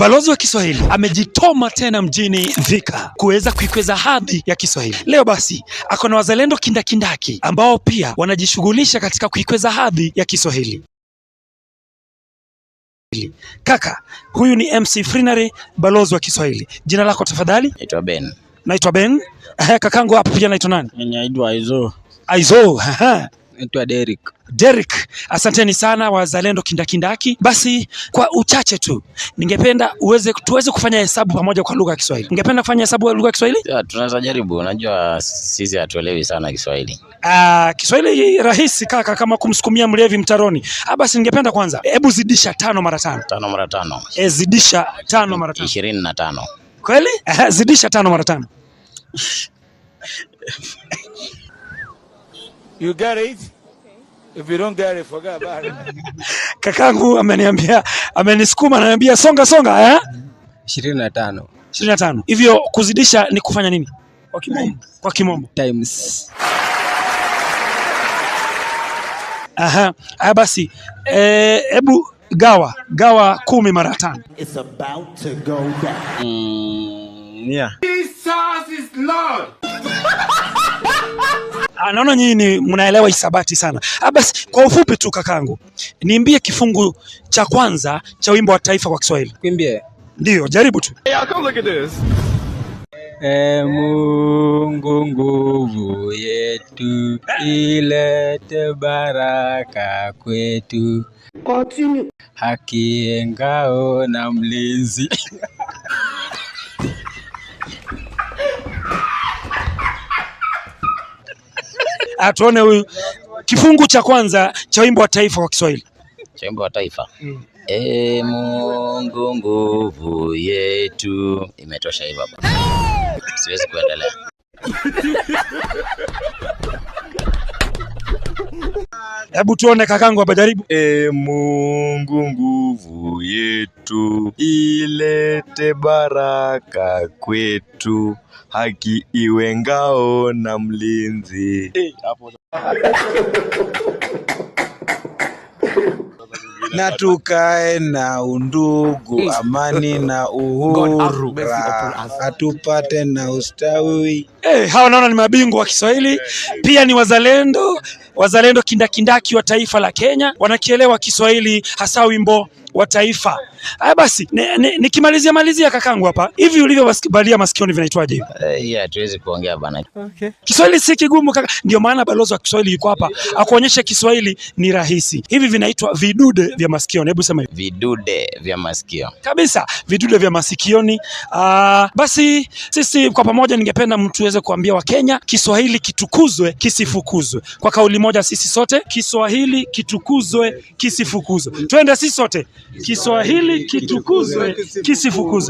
Balozi wa Kiswahili amejitoma tena mjini Thika kuweza kuikweza hadhi ya Kiswahili. Leo basi ako na wazalendo kindakindaki ambao pia wanajishughulisha katika kuikweza hadhi ya Kiswahili. Kaka, huyu ni MC Frinary, balozi wa Kiswahili. Jina lako tafadhali? Naitwa Ben. Naitwa Ben. Kakangu hapo pia naitwa nani? Aizo. Aizo. Naitwa Derek. Derek, asanteni sana wazalendo kindakindaki. Basi kwa uchache tu ningependa uweze tuweze kufanya hesabu pamoja kwa lugha ya Kiswahili. Ningependa kufanya hesabu kwa lugha ya Kiswahili? Ya, tunaweza jaribu. Unajua sisi hatuelewi sana Kiswahili. Ah, Kiswahili rahisi kaka, kama kumsukumia mlevi mtaroni. Ah, basi ningependa kwanza, hebu zidisha tano mara tano. Tano mara tano. E, zidisha tano mara tano. Ishirini na tano. Kweli? Eh, zidisha tano mara tano. You get it? If you don't get it, forget about it. Kakangu ameniambia amenisukuma ananiambia songa songa eh? 25. 25. Hivyo kuzidisha ni kufanya nini? Kwa kimombo. Kwa kimombo. Times. Aha. Haya basi. Hebu eh, e, gawa gawa kumi mara tano. It's about to go down. Mm, yeah. Jesus is Lord naona nyinyi ni mnaelewa hisabati sana. Ah, basi kwa ufupi tu kakangu, niimbie kifungu cha kwanza cha wimbo wa taifa kwa Kiswahili. Kimbie. Ndio, jaribu tu. Hey, come look at this. E Mungu nguvu yetu, ilete baraka kwetu. Continue. Haki, na mlinzi Tuone huyu kifungu cha kwanza cha wimbo wa taifa kwa Kiswahili, cha wimbo wa taifa mm. E Mungu nguvu yetu. Imetosha hivyo hapa, siwezi kuendelea Hebu tuone kakangu hapa, jaribu. E Mungu, nguvu yetu, ilete baraka kwetu, haki iwe ngao na mlinzi. Hey, na tukae na undugu, amani na uhuru, atupate na ustawi. Hey, hawa naona ni mabingwa wa Kiswahili pia ni wazalendo, wazalendo kindakindaki wa taifa la Kenya, wanakielewa Kiswahili hasa wimbo wa taifa. Haya basi, nikimalizia malizia kakangu hapa, hivi ulivyovalia masikioni vinaitwaje? Uh, eh, tuwezi kuongea bana. Okay. Kiswahili si kigumu kaka, ndio maana balozi wa Kiswahili yuko hapa akuonyeshe Kiswahili ni rahisi. Hivi vinaitwa vidude vya masikioni. Hebu sema vidude vya masikio kabisa, vidude vya masikioni. Aa, ah, basi sisi kwa pamoja, ningependa mtuweze kuambia Wakenya Kiswahili kitukuzwe kisifukuzwe. Kwa kauli moja sisi sote, Kiswahili kitukuzwe kisifukuzwe. Twende sisi sote, Kiswahili kitukuzwe kisifukuzwe.